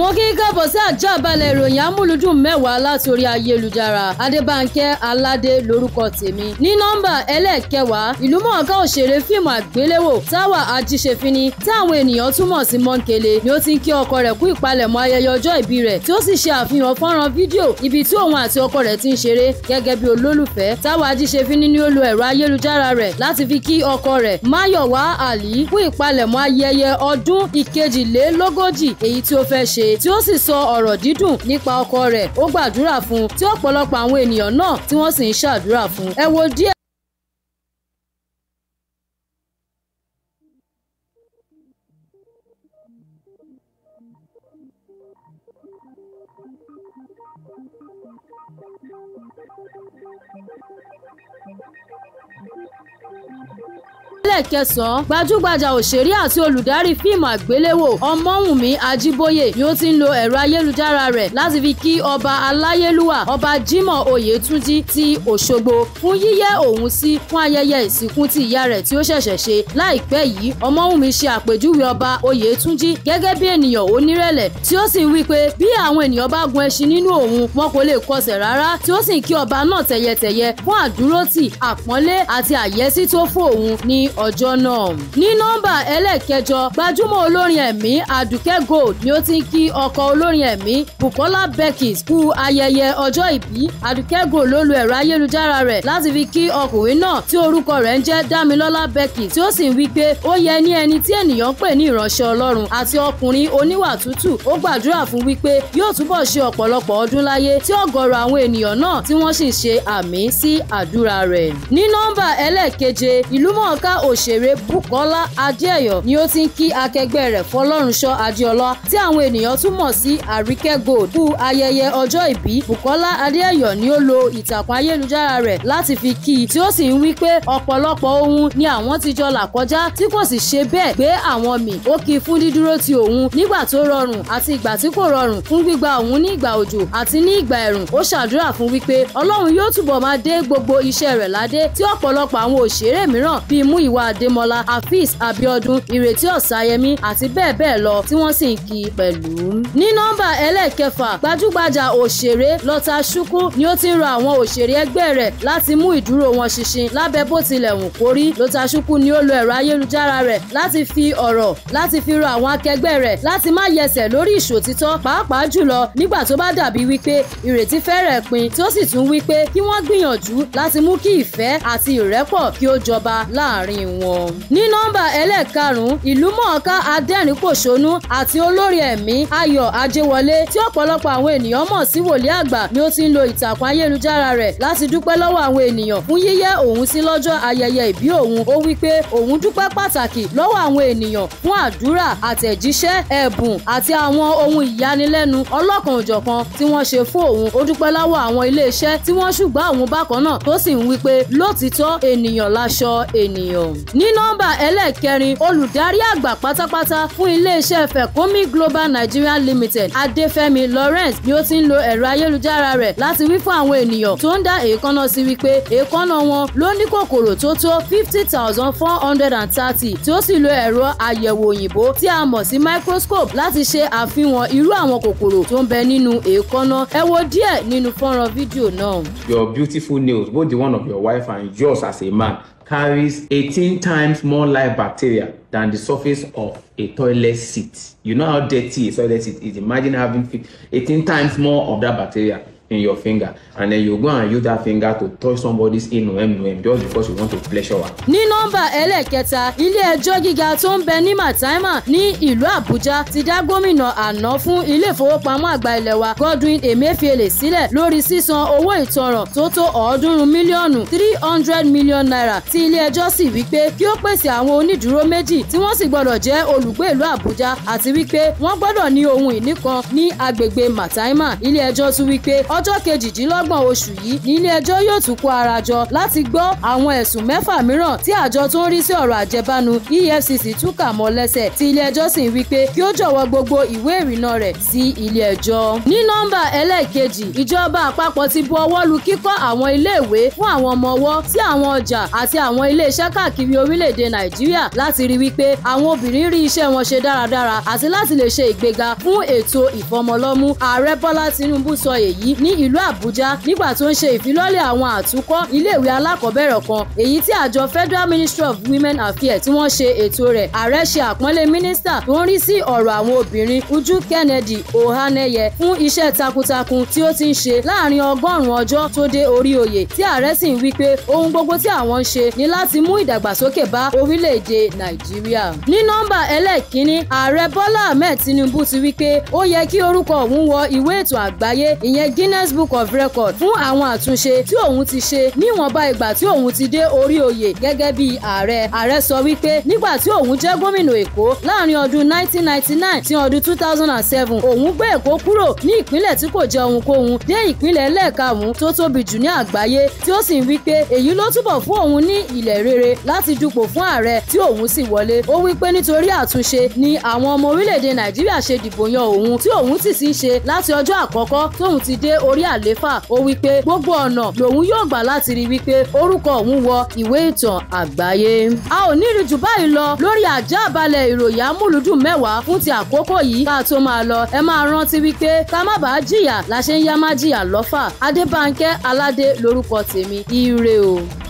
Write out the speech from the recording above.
mo kí káàbọ̀ sí àjàbalẹ̀ ìròyìn amúlùdùn mẹ́wàá látòrí ayélujára adébánkẹ́ aládé lórúkọ tèmi ní nọ́mbà ẹlẹ́ẹ̀kẹwàá ìlúmọ̀ọ́ká òṣèré fíìmù àgbéléwò táwa ajíṣefínní táwọn ènìyàn túmọ̀ sí mọ́ńkele ni ó ti ń kí ọkọ rẹ̀ kú ìpalẹ̀mọ́ ayẹyẹ ọjọ́ ìbí rẹ̀ tí ó sì ṣe àfihàn fọ́nrán fídíò ibi tí òun àti ọkọ rẹ̀ ti ń ṣeré gẹ́gẹ́ bí olólùfẹ́ táwa ajíṣefínní ni ó lo ẹ̀rọ ayélujára rẹ̀ láti fi kí ọkọ rẹ̀ máyọ̀wá àlí kú ìpalẹ̀mọ́ ayẹyẹ ọdún ìkejìlélógójì èyí tí ó fẹ́ ṣe tí ó sì sọ ọ̀rọ̀ dídùn nípa ọkọ rẹ̀ ó gbàdúrà fún tí ọ̀pọ̀lọpọ̀ àwọn ènìyàn náà tí wọ́n sì ń ṣàdúrà fún ẹ wo díẹ̀. Thank you. ẹlẹ́ẹ̀kẹsàn-án gbajúgbajà òṣèré àti olùdarí fíìmù àgbéléwò ọmọwùnmí ajíbóyè ni ó ti ń lo ẹ̀rọ ayélujára rẹ̀ láti fi kí ọba aláyélúwà ọba jimoh oyètúnjí ti òṣogbo fún yíyẹ òun sí fún ayẹyẹ ìsìnkú ti ìyá rẹ̀ tí ó ṣẹ̀ṣẹ̀ ṣe láìpẹ́ yìí ọmọwùnmí ṣe àpèjúwe ọba oyètúnjí gẹ́gẹ́ bí ènìyàn onírẹ̀lẹ̀ tí ó sì wí pé bí àwọn ènìyàn bá gun ẹṣin nínú òun wọn kò lè kọsẹ̀ rárá tí ó sì kí ọba náà tẹ̀yẹtẹ̀yẹ fún àdúrótì àpọ́nlé àti àyẹ́sí tó fún òun ní ọjọ́ náà. ní nọ́mbà ẹlẹ́ẹ̀kẹjọ gbajúmọ̀ olórin ẹ̀mí Àdùkẹ́ Gold ni ó ti ń kí ọkọ olórin ẹ̀mí Bukola Beckis kú ayẹyẹ ọjọ́ ìbí Àdùkẹ́ Gold ló lo ẹ̀rọ ayélujára rẹ̀ láti fi kí ọkùnrin náà tí orúkọ rẹ̀ ń jẹ́ Dámilọ́lá Beckis tí ó sì ń wí pé ó yẹ ní ẹni tí ènìyàn pè ní ìránṣẹ́ Ọlọ́run àti ọkùnrin oníwà tútù ó gbàdúrà fún wípé yóò túbọ̀ ṣe ọ̀pọ̀lọpọ̀ ọdún láyé tí ọ̀gọ̀rọ̀ àwọn ènìyàn náà tí wọ́n sì ṣe àmì sí àdúrà rẹ̀. ní nọ́mbà ẹlẹ́ẹ̀keje ìlúmọ̀ọ́ká òṣèré Bùkọ́lá Adéẹ̀yọ̀ ni ó ti ń kí akẹgbẹ́ rẹ̀ Fọlọ́runṣọ́ Adéọlá tí àwọn ènìyàn tún mọ̀ sí Àríkẹ́ Gold kú ayẹyẹ ọjọ́ ìbí Bùkọ́lá Adéẹ̀yọ̀ ni ó lo ìtàkùn ayélujára rẹ̀ láti fi kí i tí ó sì ń wí pé ọ̀pọ̀lọpọ̀ ohun ni àwọn ti jọ là kọjá tí kò sì ṣe bẹ́ẹ̀ gbé àwọn mì ó kí i fún dídúró ti òun nígbà tó rọrùn àti ìgbà tí kò rọrùn fún gbígba òun ní ìgbà òjò àti ní ìgbà ẹ̀rùn ó ṣàdúrà fún wípé Ọlọ́run yóò túbọ̀ máa dé gbogbo iṣẹ́ rẹ̀ ládé tí ọ̀pọ̀lọpọ̀ àwọn òṣèré mìíràn bíi mú ìwà olúwa adémọlá hafiz abiodun ìrètí ọ̀sáyẹmí àti bẹ́ẹ̀ bẹ́ẹ̀ lọ tí wọ́n sì ń kí i pẹ̀lú. ní nọ́mbà ẹlẹ́ẹ̀kẹfà gbajúgbajà òṣèré lọ́tà ṣúkú ni ó ti ń rọ àwọn òṣèré ẹgbẹ́ rẹ̀ láti mú ìdúró wọn ṣinṣin lábẹ́ bó tilẹ̀ wù kó rí lọ́tà ṣúkú ni ó lo ẹ̀rọ ayélujára rẹ̀ láti fi ọ̀rọ̀ láti fi rọ àwọn akẹgbẹ́ rẹ̀ láti má yẹsẹ̀ lórí ìṣòtítọ́ pàápàá jùlọ nígbà tó bá dàbí wípé ìrètí fẹ́rẹ̀ pin tí sì tún wípé kí wọ́n gbìyànjú láti mú kí ìfẹ́ àti ìrẹ́pọ̀ kí ó jọba láàrin wọn. ní nọ́mbà ẹlẹ́ẹ̀karùn-ún ìlúmọ̀ọ́ká adẹ́rìn-pòṣónú àti olórin ẹ̀mí ayọ̀ ajẹ́wọlé tí ọ̀pọ̀lọpọ̀ àwọn ènìyàn mọ̀ sí wòlíì àgbà ni ó ti ń lo ìtàkùn ayélujára rẹ̀ láti dúpẹ́ lọ́wọ́ àwọn ènìyàn fún yíyẹ́ òun sí lọ́jọ́ ayẹyẹ ìbí òun ó wí pé òun dúpẹ́ pàtàkì lọ́wọ́ àwọn ènìyàn fún àdúrà àtẹ̀jíṣẹ́ ẹ̀bùn àti àwọn ohun ìyanilẹ́nu ọlọ́kan-ò-jọ̀kan tí wọ́n ṣe fún òun ó dúpẹ́ lọ́wọ́ àwọn iléeṣẹ́ tí wọ́n ṣùgbọ́n òun bákan náà tó sì ń wí pé lótìítọ́ ènìyàn láṣọ ènìyàn ní nọ́mbà ẹlẹ́ẹ̀kẹrin olùdarí àgbà pátápátá fún iléeṣẹ́ fẹ̀kómi global nigeria limited adéfẹ́mi lawrence ni ó ti ń lo ẹ̀rọ ayélujára rẹ̀ láti wí fún àwọn ènìyàn tó ń dá èékánná sí wípé èékánná wọn ló ní kòkòrò tó tó fifty thousand four hundred and thirty tí ó sì lo ẹ̀rọ àyẹ̀wò òyìnbó tí a mọ̀ sí microscope láti ṣe àfihàn irú àwọn kòkòrò tó ń bẹ nínú èékánná ẹ wo díẹ̀ nínú fọ́nrán fídíò náà. your beautiful nails both the one of your wife and yours as a man carries 18 times more live bacteria than the surface of a toilet seat. You know how dirty a toilet seat is. Imagine having 18 times more of that bacteria in your finger and then you go and use that finger to touch somebody's inu mnu just because you want to pleasure her. ní nọ́mbà ẹlẹ́kẹta ilé-ẹjọ́ gíga tó ń bẹ ní Maitama ní ìlú Àbújá ti dá gómìnà àná fún ilé ìfowópamọ́ àgbà ilẹ̀ wa Godwin Emefiele sílẹ̀ lórí sísan owó ìtanràn tó tó ọ̀ọ́dúnrún mílíọ̀nù three hundred million naira tí ilé-ẹjọ́ sì wí pé kí ó pèsè àwọn onídùúró méjì tí wọ́n sì gbọ́dọ̀ jẹ́ olùgbé ìlú Àbújá àti wípé wọ́n gbọ́dọ̀ ní ohun ìní kan ní agbègbè Maitama ilé-ẹjọ́ tún wí pé ọ lọ́jọ́ kejìdínlọ́gbọ̀n oṣù yìí nílé-ẹjọ́ yóò tún kó ara jọ láti gbọ́ àwọn ẹ̀sùn mẹ́fà mìíràn tí àjọ tó ń rí sí ọ̀rọ̀ àjẹbánu EFCC tún kà mọ́ lẹ́sẹ̀ tí ilé-ẹjọ́ sì ń wí pé kí ó jọ̀wọ́ gbogbo ìwé ìrìnnà rẹ̀ sí ilé-ẹjọ́. ní nọ́mbà ẹlẹ́ẹ̀kejì ìjọba àpapọ̀ ti bu ọwọ́ lu kíkọ́ àwọn iléèwé fún àwọn ọmọ ọwọ́ sí àwọn ọjà àti àwọn iléeṣẹ́ káàkiri orílẹ̀-èdè nàìjíríà láti rí wípé àwọn obìnrin rí iṣẹ́ wọn ṣe dáradára àti láti lè ṣe ìgbéga fún ní ìlú Àbújá nígbà tó ń ṣe ìfilọ́lẹ̀ àwọn àtúkọ́ iléèwé alákọ̀ọ́bẹ̀rẹ̀ kan èyí tí àjọ Federal Ministry of Women Affairs tí wọ́n ṣe ètò rẹ̀ ààrẹ ṣe àpọ́nlé mínísítà tó ń rí sí ọ̀rọ̀ àwọn obìnrin Uju Kennedy Ohaneye fún iṣẹ́ takuntakun tí ó ti ń ṣe láàrin ọgọ́rùn-ún ọjọ́ tó dé orí oyè tí ààrẹ sì ń wí pé ohun gbogbo tí àwọn ń ṣe ni láti mú ìdàgbàsókè bá orílẹ̀-èdè Nàìjíríà. ní nọ́mbà ẹlẹ́ẹ̀kínní ààrẹ Bọ́lá Ahmed Tinubu ti wí pé ó yẹ kí orúkọ òun wọ ìwé ètò àgbáyé ìyẹn Guinness Guinness Book of Records fún àwọn àtúnṣe tí òun ti ṣe níwọ̀nba ìgbà tí òun ti dé orí oyè gẹ́gẹ́ bí ààrẹ ààrẹ sọ wípé nígbà tí òun jẹ́ gómìnà Èkó láàrin ọdún 1999 sí ọdún 2007 òun gbé Èkó kúrò ní ìpínlẹ̀ tí kò jẹ́ ohunkóhun dé ìpínlẹ̀ ẹlẹ́ẹ̀karùn-ún tó tóbi jù ní àgbáyé tí ó sì ń wípé èyí ló túbọ̀ fún òun ní ilẹ̀ rere láti dupò fún ààrẹ tí òun sì wọlé ó wípé nítorí àtúnṣe ni àwọn ọmọ orílẹ̀-èdè Nàìjíríà ṣe dìbò yan òun tí òun sì sì ń ṣe láti ọjọ́ àkọ́kọ́ tóun ti dé o orí àléfà ó wí pé gbogbo ọ̀nà lòun yóò gbà láti rí wípé orúkọ òun wọ ìwé ìtàn àgbáyé. a ò ní rí jù báyìí lọ lórí àjá balẹ̀ ìròyìn amúlùdùn mẹ́wàá fún ti àkókò yìí ká tó máa lọ ẹ máa rántí wípé ká má bàá jìyà la ṣe ń yá má jìyà lọ́fà adébánkẹ́ aládé lórúkọ tèmi ire o.